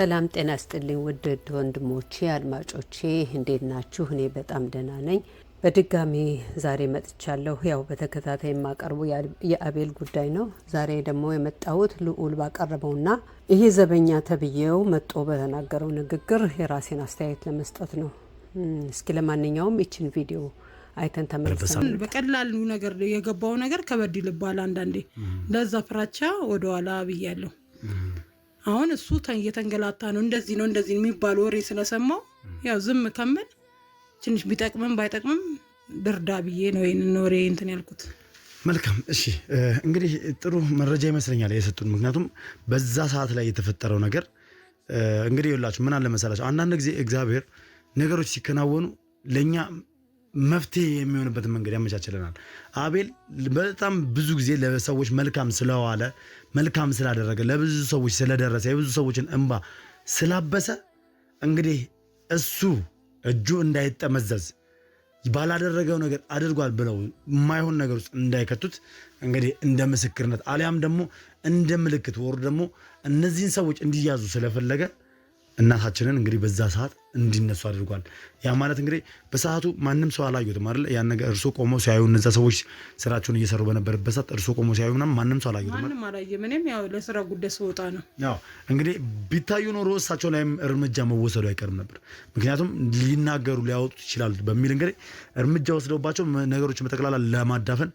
ሰላም ጤና ስጥልኝ ውድድ ወንድሞቼ አድማጮቼ እንዴት ናችሁ? እኔ በጣም ደህና ነኝ። በድጋሚ ዛሬ መጥቻለሁ። ያው በተከታታይ የማቀርቡ የአቤል ጉዳይ ነው። ዛሬ ደግሞ የመጣሁት ልዑል ባቀረበውና ይሄ ዘበኛ ተብዬው መጦ በተናገረው ንግግር የራሴን አስተያየት ለመስጠት ነው። እስኪ ለማንኛውም ይችን ቪዲዮ አይተን ተመልሰን በቀላሉ ነገር የገባው ነገር ከበድ ይልባል አንዳንዴ። ለዛ ፍራቻ ወደኋላ ብያለሁ። አሁን እሱ እየተንገላታ ነው እንደዚህ ነው እንደዚህ የሚባል ወሬ ስለሰማው ያው ዝም ከምል ትንሽ ቢጠቅምም ባይጠቅምም ድርዳ ብዬ ነው ይህንን ወሬ እንትን ያልኩት። መልካም እሺ፣ እንግዲህ ጥሩ መረጃ ይመስለኛል የሰጡን። ምክንያቱም በዛ ሰዓት ላይ የተፈጠረው ነገር እንግዲህ የላችሁ ምን አለ መሰላችሁ፣ አንዳንድ ጊዜ እግዚአብሔር ነገሮች ሲከናወኑ ለእኛ መፍትሄ የሚሆንበት መንገድ ያመቻችለናል። አቤል በጣም ብዙ ጊዜ ለሰዎች መልካም ስለዋለ መልካም ስላደረገ ለብዙ ሰዎች ስለደረሰ የብዙ ሰዎችን እንባ ስላበሰ እንግዲህ እሱ እጁ እንዳይጠመዘዝ ባላደረገው ነገር አድርጓል ብለው የማይሆን ነገር ውስጥ እንዳይከቱት እንግዲህ እንደ ምስክርነት አሊያም ደግሞ እንደ ምልክት ወሩ ደግሞ እነዚህን ሰዎች እንዲያዙ ስለፈለገ እናታችንን እንግዲህ በዛ ሰዓት እንዲነሱ አድርጓል። ያ ማለት እንግዲህ በሰዓቱ ማንም ሰው አላዩትም አይደል? ያ ነገር እርሱ ቆሞ ሲያዩ እነዛ ሰዎች ስራቸውን እየሰሩ በነበረበት ሰዓት እርሱ ቆሞ ሲያዩ ምናምን ማንም ሰው አላዩትም። ማንም አላየም። እኔም ያው ለስራ ጉዳይ ስወጣ ነው። ያው እንግዲህ ቢታዩ ኖሮ እሳቸው ላይም እርምጃ መወሰዱ አይቀርም ነበር። ምክንያቱም ሊናገሩ ሊያወጡት ይችላሉ በሚል እንግዲህ እርምጃ ወስደውባቸው ነገሮችን በጠቅላላ ለማዳፈን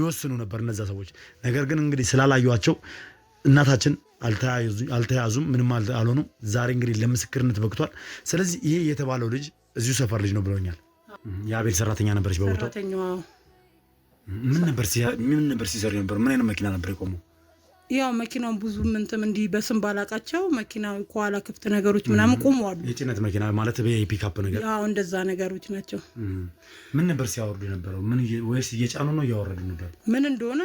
ይወስኑ ነበር እነዛ ሰዎች። ነገር ግን እንግዲህ ስላላዩቸው እናታችን አልተያዙም፣ ምንም አልሆኑም። ዛሬ እንግዲህ ለምስክርነት በቅቷል። ስለዚህ ይሄ የተባለው ልጅ እዚሁ ሰፈር ልጅ ነው ብለውኛል። የአቤል ሰራተኛ ነበረች በቦታው። ምን ነበር ሲሰሩ ነበር? ምን አይነት መኪና ነበር የቆመው? ያው መኪናውን ብዙ ምንትም እንዲህ በስም ባላቃቸው መኪናው ከኋላ ክፍት ነገሮች ምናምን ቆመዋሉ። የጭነት መኪና ማለት የፒካፕ ነገር ያው እንደዛ ነገሮች ናቸው። ምን ነበር ሲያወርዱ የነበረው? ምን ወይስ እየጫኑ ነው እያወረዱ ነበር? ምን እንደሆነ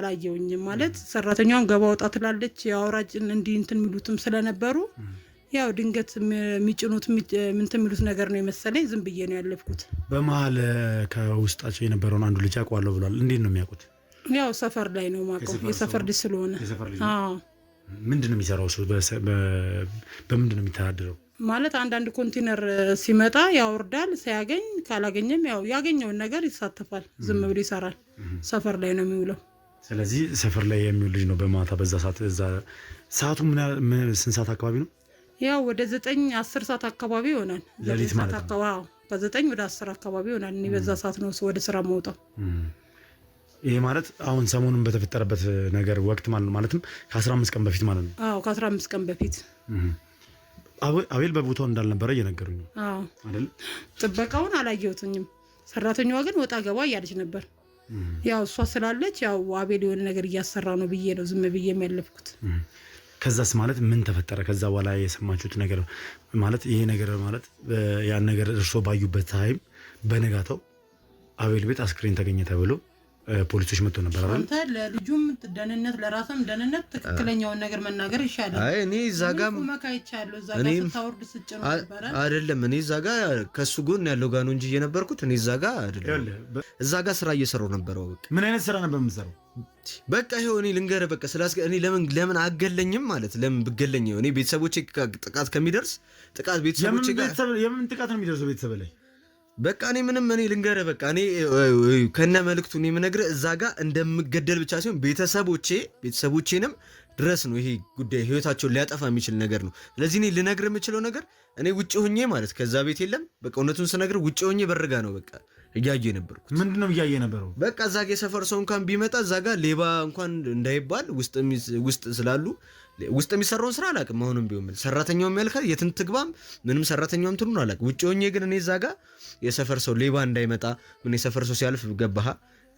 አላየውኝም። ማለት ሰራተኛውን ገባ ወጣ ትላለች። የአውራጅን እንዲህ እንትን የሚሉትም ስለነበሩ ያው ድንገት የሚጭኑት ምንትን የሚሉት ነገር ነው የመሰለኝ። ዝም ብዬ ነው ያለፍኩት። በመሀል ከውስጣቸው የነበረውን አንዱ ልጅ አውቀዋለሁ ብሏል። እንዴት ነው የሚያውቁት? ያው ሰፈር ላይ ነው የማውቀው፣ የሰፈር ልጅ ስለሆነ። ምንድን ነው የሚሰራው? በምንድን ነው የሚተዳደረው? ማለት አንዳንድ ኮንቴነር ሲመጣ ያወርዳል፣ ሲያገኝ ካላገኘም ያው ያገኘውን ነገር ይሳተፋል። ዝም ብሎ ይሰራል። ሰፈር ላይ ነው የሚውለው። ስለዚህ ሰፈር ላይ የሚውል ልጅ ነው። በማታ በዛ ሰዓት እዛ ሰዓቱ ስንት ሰዓት አካባቢ ነው? ያው ወደ ዘጠኝ አስር ሰዓት አካባቢ ይሆናል። ሌሊት ማለት ነው። ከዘጠኝ ወደ አስር አካባቢ ይሆናል። እኔ በዛ ሰዓት ነው ወደ ስራ መውጣው ይሄ ማለት አሁን ሰሞኑን በተፈጠረበት ነገር ወቅት ማለት ማለትም ከ15 ቀን በፊት ማለት ነው። አዎ ከ15 ቀን በፊት አቤል በቦታው እንዳልነበረ እየነገሩኝ አይደል? ጥበቃውን አላየሁትኝም። ሰራተኛዋ ግን ወጣ ገባ እያለች ነበር። ያው እሷ ስላለች ያው አቤል የሆነ ነገር እያሰራ ነው ብዬ ነው ዝም ብዬ የሚያለፍኩት። ከዛስ ማለት ምን ተፈጠረ? ከዛ በኋላ የሰማችሁት ነገር ማለት ይሄ ነገር ማለት ያን ነገር እርሶ ባዩበት ታይም በነጋታው አቤል ቤት አስክሬን ተገኘ ተብሎ ፖሊሶች መጥቶ ነበር አይደል? አንተ ለልጁም ደህንነት ለራስም ደህንነት ትክክለኛውን ነገር መናገር ይሻላል። አይ እኔ እዛ ጋር ስታወርድ ስጭኑ ነበረ አይደለም። እኔ እዛ ጋ ከሱ ጎን ያለው ጋ ነው እንጂ እየነበርኩት እኔ እዛ ጋ አይደለም። እዛ ጋ ስራ እየሰራሁ ነበረ። ምን አይነት ስራ ነበር የምሰራው? በቃ ይሄው እኔ ልንገርህ፣ በቃ ስላስ እኔ ለምን ለምን አገለኝም ማለት ለምን ብገለኝ እኔ ቤተሰቦቼ ጥቃት ከሚደርስ ጥቃት ቤተሰቦቼ ጋር የምን ጥቃት ነው የሚደርሰው ቤተሰብ ላይ በቃ እኔ ምንም እኔ ልንገረ በቃ እኔ ከነ መልእክቱ እኔ የምነግርህ እዛ ጋር እንደምገደል ብቻ ሲሆን ቤተሰቦቼ ቤተሰቦቼንም ድረስ ነው ይሄ ጉዳይ ህይወታቸውን ሊያጠፋ የሚችል ነገር ነው። ስለዚህ እኔ ልነግር የምችለው ነገር እኔ ውጭ ሆኜ ማለት ከዛ ቤት የለም በቃ እውነቱን ስነግር ውጭ ሆኜ በርጋ ነው በቃ እያየ ነበርኩት። ምንድን ነው እያየ ነበረው? በቃ እዛ ጋ የሰፈር ሰው እንኳን ቢመጣ እዛ ጋ ሌባ እንኳን እንዳይባል ውስጥ ስላሉ ውስጥ የሚሰራውን ስራ አላውቅም። መሆኑም ቢሆን ሰራተኛው የሚያልካ የትን ትግባም ምንም ሰራተኛውም እንትኑን አላውቅም። ውጭ ሆኜ ግን እኔ እዛ ጋ የሰፈር ሰው ሌባ እንዳይመጣ ምን የሰፈር ሰው ሲያልፍ ገባህ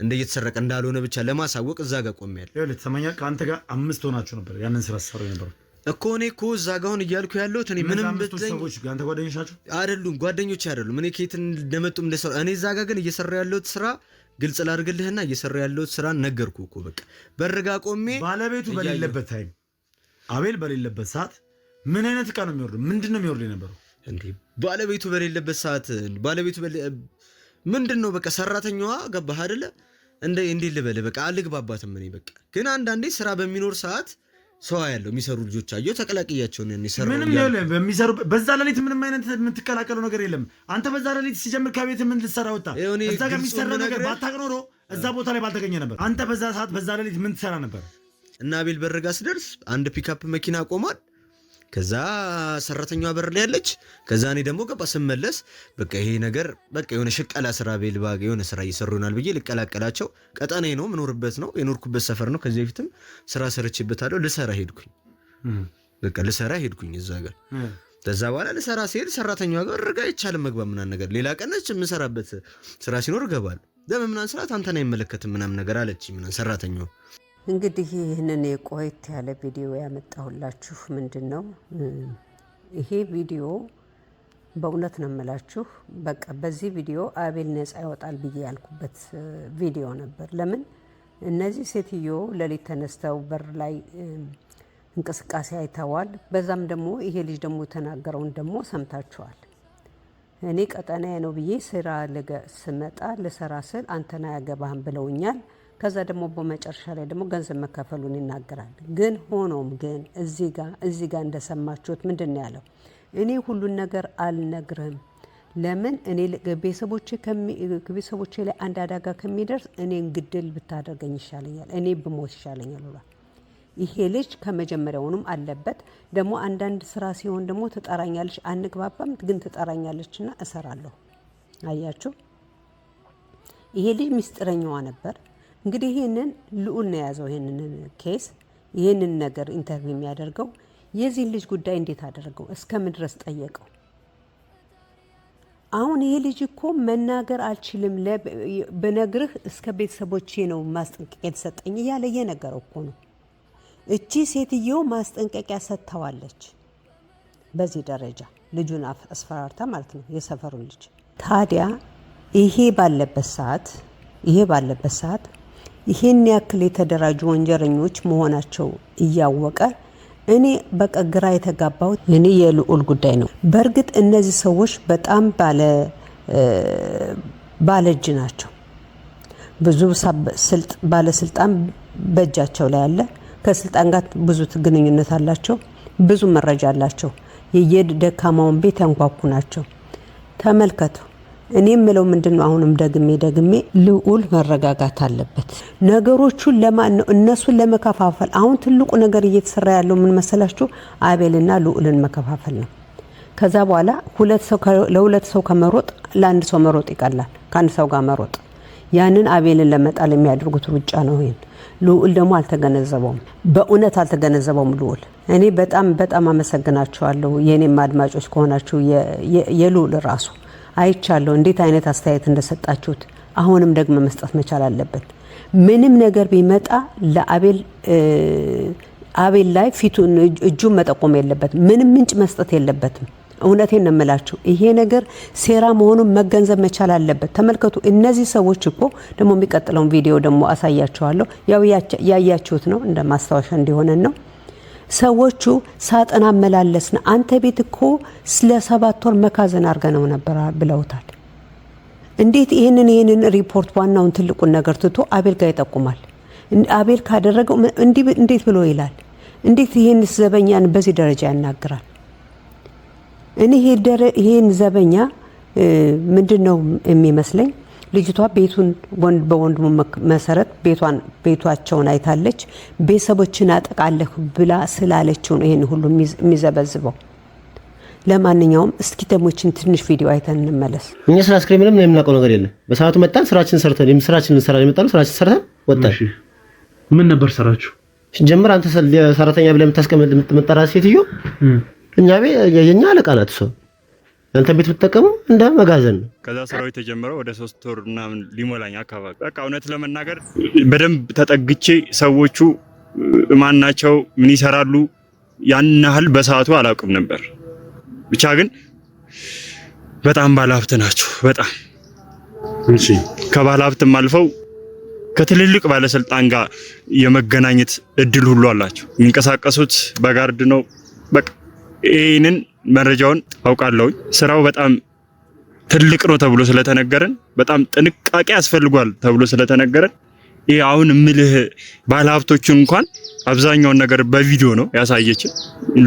እንደ እየተሰረቀ እንዳልሆነ ብቻ ለማሳወቅ እዛ ጋ ቆሜያለሁ። ይኸውልህ ከአንተ ጋር አምስት ሆናችሁ ነበር ያንን ስራ ሰሩ ነበሩ እኮ እኔ እኮ እዛ ጋ አሁን እያልኩ ያለሁት እኔ ምንም ብትለኝ አንተ ጓደኞች ናቸው አይደሉም? ጓደኞች አይደሉም። እኔ ከየት እንደመጡም እንደሰሩ እኔ እዛ ጋ ግን እየሰራ ያለሁት ስራ ግልጽ ላድርግልህና እየሰራ ያለሁት ስራ ነገርኩ እኮ በቃ በርጋ ቆሜ ባለቤቱ በሌለበት ታይም አቤል በሌለበት ሰዓት ምን አይነት እቃ ነው የሚወርደው? ምንድን ነው የሚወርደው የነበረው? ባለቤቱ በሌለበት ሰዓት ባለቤቱ ምንድን ነው በቃ ሰራተኛዋ ገባህ አይደለ? እንደ እንዴት ልበልህ በቃ አልግባባትም። እኔ በቃ ግን አንዳንዴ ስራ በሚኖር ሰዓት ሰው ያለው የሚሰሩ ልጆች አየሁ፣ ተቀላቅያቸው ነው የሚሰሩ። በዛ ሌሊት ምንም አይነት የምትቀላቀለው ነገር የለም። አንተ በዛ ሌሊት ሲጀምር ከቤት ምን ልትሰራ ወጣ? እዛ ጋር የሚሰራ ነገር ባታቅ ኖሮ እዛ ቦታ ላይ ባልተገኘ ነበር። አንተ በዛ ሰዓት በዛ ሌሊት ምን ትሰራ ነበር? እና ቤል በር ጋ ስደርስ አንድ ፒካፕ መኪና ቆሟል። ከዛ ሰራተኛዋ በር ላይ ያለች፣ ከዛ እኔ ደግሞ ገባ ስመለስ፣ በቃ ይሄ ነገር በቃ የሆነ ሽቀላ ስራ ቤል ባ የሆነ ስራ እየሰሩ ይሆናል ብዬ ልቀላቀላቸው። ቀጠናዬ ነው ምኖርበት ነው የኖርኩበት ሰፈር ነው። ከዚህ በፊትም ስራ ሰርቼበታለሁ። ልሰራ ሄድኩኝ፣ በቃ ልሰራ ሄድኩኝ እዛ ጋር ከዛ በኋላ ልሰራ ሲሄድ ሰራተኛ ጋር ርጋ አይቻልም መግባ ምናምን ነገር ሌላ ቀነች የምሰራበት ስራ ሲኖር እገባለሁ። ደም ምናምን ስርዓት አንተን አይመለከትም ምናምን ነገር አለች ምናምን ሰራተኛዋ እንግዲህ ይህንን የቆየት ያለ ቪዲዮ ያመጣሁላችሁ ምንድን ነው ይሄ ቪዲዮ በእውነት ነው የምላችሁ። በቃ በዚህ ቪዲዮ አቤል ነጻ ይወጣል ብዬ ያልኩበት ቪዲዮ ነበር። ለምን እነዚህ ሴትዮ ሌሊት ተነስተው በር ላይ እንቅስቃሴ አይተዋል። በዛም ደግሞ ይሄ ልጅ ደግሞ የተናገረውን ደግሞ ሰምታችኋል። እኔ ቀጠናዬ ነው ብዬ ስራ ስመጣ ልሰራ ስል አንተና ያገባህን ብለውኛል ከዛ ደግሞ በመጨረሻ ላይ ደግሞ ገንዘብ መከፈሉን ይናገራል። ግን ሆኖም ግን እዚህ ጋ እዚህ ጋ እንደሰማችሁት ምንድን ነው ያለው? እኔ ሁሉን ነገር አልነግርህም። ለምን እኔ ቤተሰቦቼ ላይ አንድ አደጋ ከሚደርስ እኔን ግድል ብታደርገኝ ይሻለኛል፣ እኔ ብሞት ይሻለኛል ብሏል። ይሄ ልጅ ከመጀመሪያውኑም አለበት። ደግሞ አንዳንድ ስራ ሲሆን ደግሞ ትጠራኛለች፣ አንግባባም፣ ግን ትጠራኛለችና እሰራለሁ። አያችሁ፣ ይሄ ልጅ ምስጢረኛዋ ነበር። እንግዲህ ይህንን ልዑል ነው የያዘው። ይህንን ኬስ ይህንን ነገር ኢንተርቪው የሚያደርገው የዚህን ልጅ ጉዳይ እንዴት አደረገው እስከምን ድረስ ጠየቀው። አሁን ይሄ ልጅ እኮ መናገር አልችልም ብነግርህ እስከ ቤተሰቦቼ ነው ማስጠንቀቂያ የተሰጠኝ እያለ እየነገረው እኮ ነው። እቺ ሴትየው ማስጠንቀቂያ ሰጥተዋለች። በዚህ ደረጃ ልጁን አስፈራርታ ማለት ነው የሰፈሩን ልጅ ታዲያ ይሄ ባለበት ሰዓት ይሄ ባለበት ሰዓት ይህን ያክል የተደራጁ ወንጀለኞች መሆናቸው እያወቀ እኔ በቃ ግራ የተጋባሁት እኔ የልዑል ጉዳይ ነው። በእርግጥ እነዚህ ሰዎች በጣም ባለ እጅ ናቸው። ብዙ ባለስልጣን በእጃቸው ላይ አለ። ከስልጣን ጋር ብዙ ግንኙነት አላቸው። ብዙ መረጃ አላቸው። የየደካማውን ቤት ያንኳኩ ናቸው። ተመልከቱ። እኔ የምለው ምንድን ነው? አሁንም ደግሜ ደግሜ ልዑል መረጋጋት አለበት። ነገሮቹን ለማን ነው እነሱን ለመከፋፈል። አሁን ትልቁ ነገር እየተሰራ ያለው ምን መሰላችሁ? አቤልና ልዑልን መከፋፈል ነው። ከዛ በኋላ ለሁለት ሰው ከመሮጥ ለአንድ ሰው መሮጥ ይቀላል፣ ከአንድ ሰው ጋር መሮጥ። ያንን አቤልን ለመጣል የሚያደርጉት ሩጫ ነው። ይሄን ልዑል ደግሞ አልተገነዘበውም፣ በእውነት አልተገነዘበውም ልዑል። እኔ በጣም በጣም አመሰግናችኋለሁ የእኔም አድማጮች ከሆናችሁ የልዑል ራሱ አይቻለሁ እንዴት አይነት አስተያየት እንደሰጣችሁት። አሁንም ደግሞ መስጠት መቻል አለበት። ምንም ነገር ቢመጣ ለአቤል አቤል ላይ ፊቱን እጁን መጠቆም የለበትም። ምንም ምንጭ መስጠት የለበትም። እውነቴን ነው የምላችሁ፣ ይሄ ነገር ሴራ መሆኑን መገንዘብ መቻል አለበት። ተመልከቱ፣ እነዚህ ሰዎች እኮ ደግሞ የሚቀጥለውን ቪዲዮ ደግሞ አሳያችኋለሁ። ያው ያያችሁት ነው እንደ ማስታወሻ እንዲሆነን ነው። ሰዎቹ ሳጥን አመላለስን፣ አንተ ቤት እኮ ስለ ሰባት ወር መካዘን አድርገ ነው ነበር ብለውታል። እንዴት ይህንን ይህንን ሪፖርት ዋናውን ትልቁን ነገር ትቶ አቤል ጋር ይጠቁማል? አቤል ካደረገው እንዴት ብሎ ይላል? እንዴት ይህን ዘበኛን በዚህ ደረጃ ያናግራል? እኔ ይህን ዘበኛ ምንድን ነው የሚመስለኝ ልጅቷ ቤቱን በወንድሙ መሰረት ቤቷን ቤቷቸውን አይታለች። ቤተሰቦችን አጠቃለሁ ብላ ስላለችው ነው ይህን ሁሉ የሚዘበዝበው። ለማንኛውም እስኪ ደሞችን ትንሽ ቪዲዮ አይተን እንመለስ። እኛ ስራ አስክሬን ምንም የምናውቀው ነገር የለም። በሰዓቱ መጣን፣ ስራችን ሰርተን ስራችን ልንሰራ የመጣ ነው። ስራችን ሰርተን ወጣን። ምን ነበር ስራችሁ? ጀምር አንተ ሰራተኛ ብለህ የምታስቀምጥ የምትጠራ ሴትዮ እኛ የኛ አለቃ ናት እሷ አንተ ቤት ብትጠቀመው እንደ መጋዘን ነው። ከዛ ስራው የተጀመረው ወደ ሶስት ወር ምናምን ሊሞላኝ አካባቢ በቃ እውነት ለመናገር በደንብ ተጠግቼ ሰዎቹ ማን ናቸው ምን ይሰራሉ ያን ያህል በሰዓቱ አላውቅም ነበር። ብቻ ግን በጣም ባለሀብት ናቸው። በጣም እሺ፣ ከባለሀብትም አልፈው ከትልልቅ ባለስልጣን ጋር የመገናኘት እድል ሁሉ አላቸው። የሚንቀሳቀሱት በጋርድ ነው። በቃ ይህንን መረጃውን አውቃለሁኝ። ስራው በጣም ትልቅ ነው ተብሎ ስለተነገረን በጣም ጥንቃቄ ያስፈልጓል ተብሎ ስለተነገረን ይህ አሁን ምልህ ባለሀብቶችን እንኳን አብዛኛውን ነገር በቪዲዮ ነው ያሳየችን።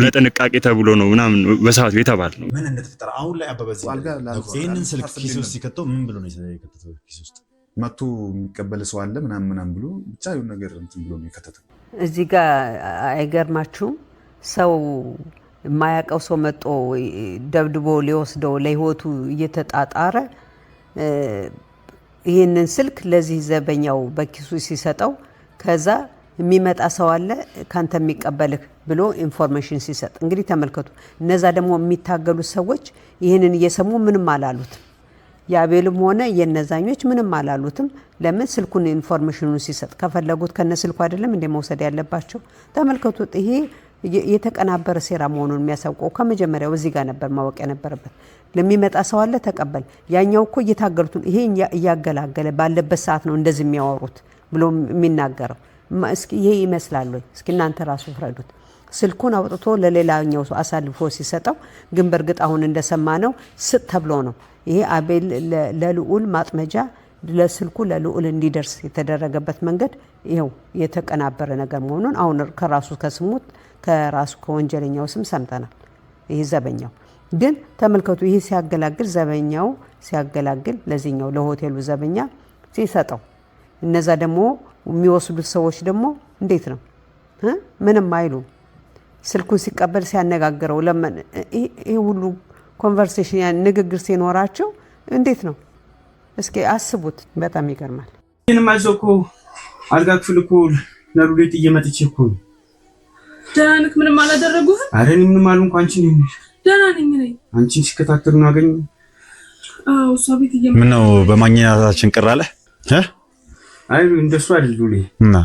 ለጥንቃቄ ተብሎ ነው ምናምን በሰዓቱ የተባለ ነው። ምን እንደተፈጠረ አሁን ላይ አበበ ይህንን ስልክ ኪስ ውስጥ ሲከተው ምን ብሎ ነው የከተተው? ኪስ ውስጥ መቶ የሚቀበል ሰው አለ ምናምን ምናምን ብሎ ብቻ የሆነ ነገር እንትን ብሎ ነው የከተተው። እዚህ ጋር አይገርማችሁም ሰው የማያውቀው ሰው መጦ ደብድቦ ሊወስደው ለህይወቱ እየተጣጣረ ይህንን ስልክ ለዚህ ዘበኛው በኪሱ ሲሰጠው ከዛ የሚመጣ ሰው አለ ካንተ የሚቀበልህ ብሎ ኢንፎርሜሽን ሲሰጥ እንግዲህ ተመልከቱ። እነዛ ደግሞ የሚታገሉት ሰዎች ይህንን እየሰሙ ምንም አላሉትም። የአቤልም ሆነ የነዛኞች ምንም አላሉትም። ለምን ስልኩን ኢንፎርሜሽኑን ሲሰጥ ከፈለጉት ከነ ስልኩ አይደለም እንደ መውሰድ ያለባቸው። ተመልከቱ። ይሄ የተቀናበረ ሴራ መሆኑን የሚያሳውቀው ከመጀመሪያው እዚህ ጋር ነበር ማወቅ የነበረበት። ለሚመጣ ሰው አለ ተቀበል፣ ያኛው እኮ እየታገሉትን ይሄ እያገላገለ ባለበት ሰዓት ነው እንደዚህ የሚያወሩት ብሎ የሚናገረው። እስኪ ይሄ ይመስላል ወይ? እስኪ እናንተ ራሱ ፍረዱት። ስልኩን አውጥቶ ለሌላኛው ሰው አሳልፎ ሲሰጠው ግን በእርግጥ አሁን እንደሰማ ነው ስጥ ተብሎ ነው። ይሄ አቤል ለልዑል ማጥመጃ ለስልኩ ለልዑል እንዲደርስ የተደረገበት መንገድ ይኸው የተቀናበረ ነገር መሆኑን አሁን ከራሱ ከስሙት ከራሱ ከወንጀለኛው ስም ሰምተናል። ይህ ዘበኛው ግን ተመልከቱ፣ ይህ ሲያገላግል ዘበኛው ሲያገላግል ለዚህኛው ለሆቴሉ ዘበኛ ሲሰጠው፣ እነዛ ደግሞ የሚወስዱት ሰዎች ደግሞ እንዴት ነው ምንም አይሉም። ስልኩን ሲቀበል ሲያነጋግረው ለምን ይህ ሁሉ ኮንቨርሴሽን ንግግር ሲኖራቸው እንዴት ነው? እስኪ አስቡት። በጣም ይገርማል። ይህንም አይዞህ እኮ አልጋ ክፍል እኮ ለሩዴት እየመጥቼ እኮ ደህና ነህ? ምንም አላደረጉህም? ኧረ እኔ ምንም አልሆንኩ። አንቺ ነኝ ደህና ነኝ። ነኝ አንቺን ሲከታተሉ ነው አገኘሁ። አዎ እሷ ቤት እየመጣሁ ምን ነው በማግኘታችን ቅር አለህ? አይ እንደሱ አይደል ልይ እና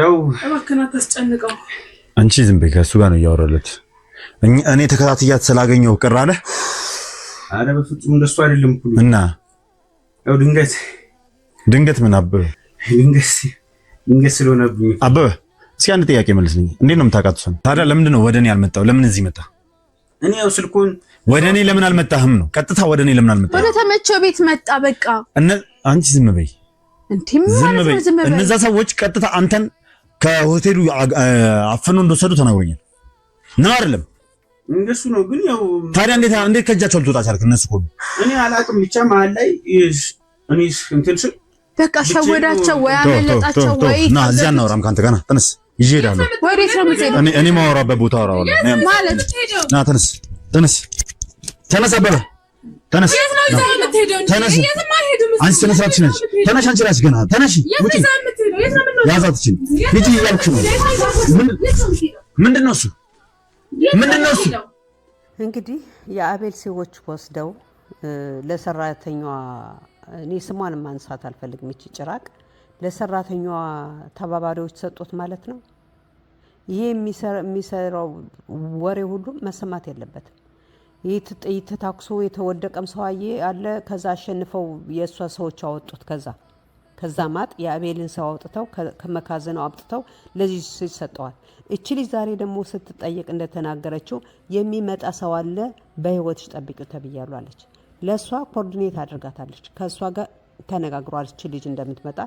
ያው እባክህ ና አንቺ ዝም በይ፣ ከእሱ ጋር ነው እያወራለት። እኔ ተከታትያት ስላገኘው ቅር አለህ? አረ በፍጹም እንደሱ አይደለም እኮ እና ያው ድንገት ድንገት ምን አበበ ድንገት ድንገት ስለሆነብኝ አበበ እስኪ አንድ ጥያቄ መልስልኝ። እንዴት ነው የምታውቃት ታዲያ ለምንድን ነው ወደ እኔ ያልመጣው? ለምን እዚህ መጣ? እኔ ያው ስልኩን ወደ እኔ ለምን አልመጣህም ነው? ቀጥታ ወደ እኔ ለምን አልመጣህም? ወደ ተመቸው ቤት መጣ። በቃ እነ አንቺ ዝም በይ፣ ዝም በይ። እነዛ ሰዎች ቀጥታ አንተን ከሆቴሉ አፍኖ እንደወሰዱ ተናግሮኛል። ነው አይደለም? እንደሱ ነው። ግን ያው ታዲያ እንዴት እንዴት ከእጃቸው ልትወጣ ቻልክ? እነሱ ሁሉ እኔ አላቅም። ብቻ መሀል ላይ እኔ እንትን ስል በቃ ሸወዳቸው ወይ አመለጣቸው ወይ ና እዚያ እናውራም ከአንተ ጋር ና ጥንስ ይዤ እሄዳለሁ። እኔ ማወራበት ቦታ አወራዋለሁ። ና ተነስ፣ ተነስ፣ ተነስ፣ አበበ ተነስ፣ ተነስ። አንቺ ተነሳች ነሽ። ተነሽ፣ አንቺ ራስሽ ገና ተነሽ። ውጪ ያዛትችን ልጅ እያልኩሽ ነው። ምንድን ነው እሱ? ምንድን ነው እሱ? እንግዲህ የአቤል ሰዎች ወስደው ለሰራተኛዋ እኔ ስሟን ማንሳት አልፈልግም። ይቺ ጭራቅ ለሰራተኛዋ ተባባሪዎች ሰጡት ማለት ነው። ይህ የሚሰራው ወሬ ሁሉ መሰማት የለበትም። ይህ ተታኩሶ የተወደቀም ሰውዬ አለ። ከዛ አሸንፈው የእሷ ሰዎች አወጡት። ከዛ ከዛ ማጥ የአቤልን ሰው አውጥተው ከመካዘናው አብጥተው ለዚህ ሰጠዋል። እቺ ልጅ ዛሬ ደግሞ ስትጠየቅ እንደተናገረችው የሚመጣ ሰው አለ በህይወትሽ ጠብቂው ተብያሉ አለች። ለእሷ ኮርዲኔት አድርጋታለች ከእሷ ጋር ተነጋግሯል። እች ልጅ እንደምትመጣ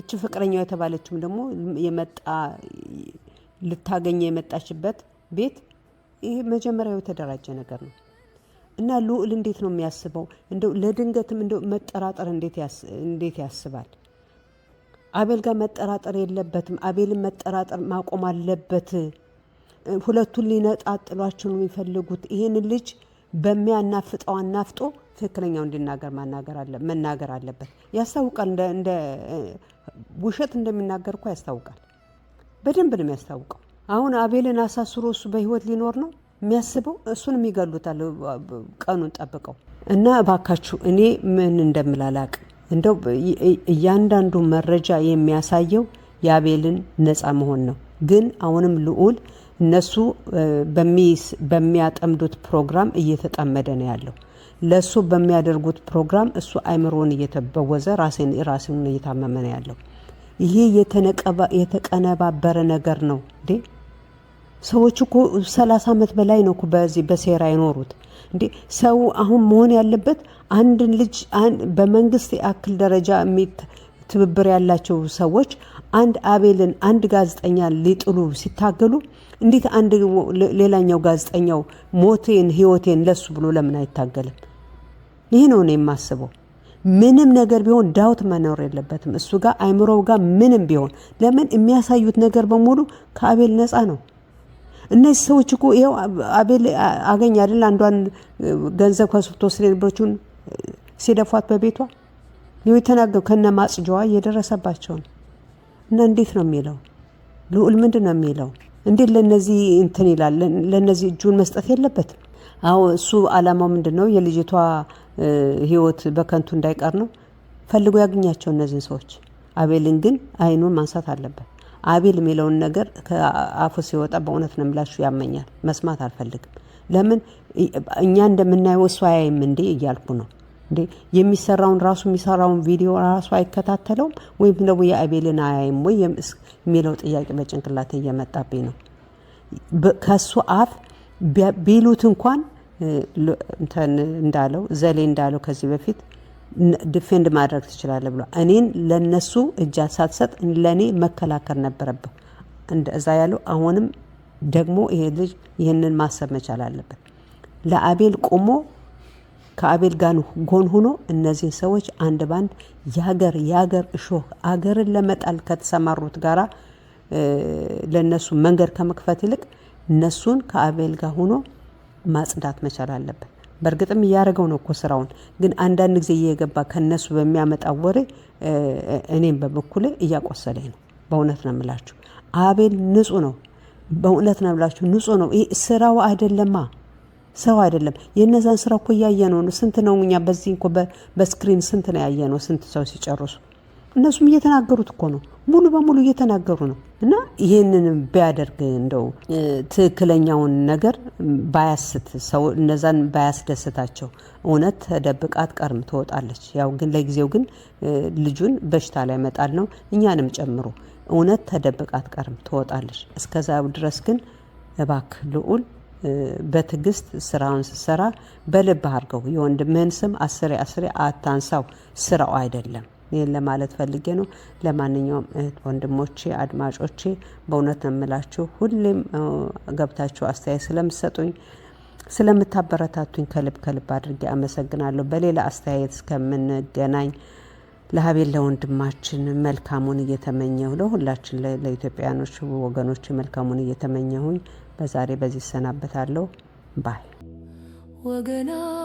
እች ፍቅረኛው የተባለችም ደግሞ የመጣ ልታገኘ የመጣችበት ቤት ይሄ መጀመሪያው የተደራጀ ነገር ነው እና ልዑል እንዴት ነው የሚያስበው? እንደው ለድንገትም እንደው መጠራጠር እንዴት ያስባል? አቤል ጋር መጠራጠር የለበትም። አቤልን መጠራጠር ማቆም አለበት። ሁለቱን ሊነጣጥሏቸው ነው የሚፈልጉት ይህን ልጅ በሚያናፍጠው አናፍጦ ትክክለኛው እንዲናገር መናገር አለበት። ያስታውቃል። እንደ ውሸት እንደሚናገር እኮ ያስታውቃል። በደንብ ነው የሚያስታውቀው። አሁን አቤልን አሳስሮ እሱ በህይወት ሊኖር ነው የሚያስበው። እሱን የሚገሉታል ቀኑን ጠብቀው እና እባካችሁ እኔ ምን እንደምላላቅ እንደው እያንዳንዱ መረጃ የሚያሳየው የአቤልን ነፃ መሆን ነው። ግን አሁንም ልዑል እነሱ በሚያጠምዱት ፕሮግራም እየተጠመደ ነው ያለው። ለእሱ በሚያደርጉት ፕሮግራም እሱ አይምሮን እየተበወዘ ራሴን ራሴን እየታመመ ነው ያለው። ይሄ የተቀነባበረ ነገር ነው እንዴ! ሰዎች እኮ ሰላሳ ዓመት በላይ ነው በዚህ በሴራ ይኖሩት እንዴ! ሰው አሁን መሆን ያለበት አንድን ልጅ በመንግስት ያክል ደረጃ ትብብር ያላቸው ሰዎች አንድ አቤልን አንድ ጋዜጠኛ ሊጥሉ ሲታገሉ እንዴት አንድ ሌላኛው ጋዜጠኛው ሞቴን ህይወቴን ለሱ ብሎ ለምን አይታገልም? ይህ ነው እኔ የማስበው። ምንም ነገር ቢሆን ዳውት መኖር የለበትም እሱ ጋር አይምሮው ጋር ምንም ቢሆን ለምን የሚያሳዩት ነገር በሙሉ ከአቤል ነፃ ነው። እነዚህ ሰዎች እኮ ይኸው አቤል አገኝ አይደል አንዷን ገንዘብ ከሱቶ ስሌብሮቹን ሲደፏት በቤቷ ይኸው የተናገሩ ከነ ማጽጃዋ እየደረሰባቸው ነው። እና እንዴት ነው የሚለው? ልዑል ምንድን ነው የሚለው? እንዴት ለነዚህ እንትን ይላል? ለነዚህ እጁን መስጠት የለበትም። አዎ እሱ አላማው ምንድን ነው? የልጅቷ ህይወት በከንቱ እንዳይቀር ነው። ፈልጎ ያገኛቸው እነዚህን ሰዎች። አቤልን ግን አይኑን ማንሳት አለበት። አቤል የሚለውን ነገር ከአፉ ሲወጣ በእውነት ነው የምላችሁ ያመኛል። መስማት አልፈልግም። ለምን እኛ እንደምናየው እሱ አያይም እንዴ እያልኩ ነው የሚሰራውን ራሱ የሚሰራውን ቪዲዮ ራሱ አይከታተለውም ወይም ደግሞ የአቤልን አያይም ወይ የሚለው ጥያቄ በጭንቅላት እየመጣብኝ ነው። ከሱ አፍ ቢሉት እንኳን እንዳለው ዘሌ እንዳለው ከዚህ በፊት ዲፌንድ ማድረግ ትችላለ ብሎ እኔን ለነሱ እጃ ሳትሰጥ ለእኔ መከላከል ነበረብህ። እንደዛ ያሉ አሁንም ደግሞ ይሄ ልጅ ይህንን ማሰብ መቻል አለበት። ለአቤል ቆሞ ከአቤል ጋር ጎን ሆኖ እነዚህን ሰዎች አንድ ባንድ የሀገር የሀገር እሾህ አገርን ለመጣል ከተሰማሩት ጋራ ለእነሱ መንገድ ከመክፈት ይልቅ እነሱን ከአቤል ጋር ሆኖ ማጽዳት መቻል አለበት። በእርግጥም እያደረገው ነው እኮ ስራውን። ግን አንዳንድ ጊዜ እየገባ ከነሱ በሚያመጣ ወሬ እኔም በበኩሌ እያቆሰለኝ ነው። በእውነት ነው የምላችሁ፣ አቤል ንጹህ ነው። በእውነት ነው የምላችሁ፣ ንጹህ ነው። ይህ ስራው አይደለማ ሰው አይደለም። የእነዛን ስራ እኮ እያየነው ነው። ስንት ነው እኛ በዚህ እኮ በስክሪን ስንት ነው ነው? ስንት ሰው ሲጨርሱ እነሱም እየተናገሩት እኮ ነው፣ ሙሉ በሙሉ እየተናገሩ ነው። እና ይህንን ቢያደርግ እንደው ትክክለኛውን ነገር ባያስት ሰው እነዛን ባያስደስታቸው፣ እውነት ተደብቃ አትቀርም ትወጣለች። ያው ግን ለጊዜው ግን ልጁን በሽታ ላይ መጣል ነው፣ እኛንም ጨምሮ እውነት ተደብቃ አትቀርም ትወጣለች። እስከዛ ድረስ ግን እባክ ልዑል በትዕግስት ስራውን ስትሰራ በልብ አድርገው የወንድምህን ስም አስሬ አስሬ አታንሳው። ስራው አይደለም። ይህን ለማለት ፈልጌ ነው። ለማንኛውም እህት ወንድሞቼ፣ አድማጮቼ በእውነት ነው የምላችሁ ሁሌም ገብታችሁ አስተያየት ስለምትሰጡኝ ስለምታበረታቱኝ ከልብ ከልብ አድርጌ አመሰግናለሁ። በሌላ አስተያየት እስከምንገናኝ ለሀቤል ለወንድማችን መልካሙን እየተመኘሁ ለሁላችን ለኢትዮጵያውያኖች ወገኖች መልካሙን እየተመኘሁኝ በዛሬ በዚህ እሰናበታለሁ። ባይ ወገና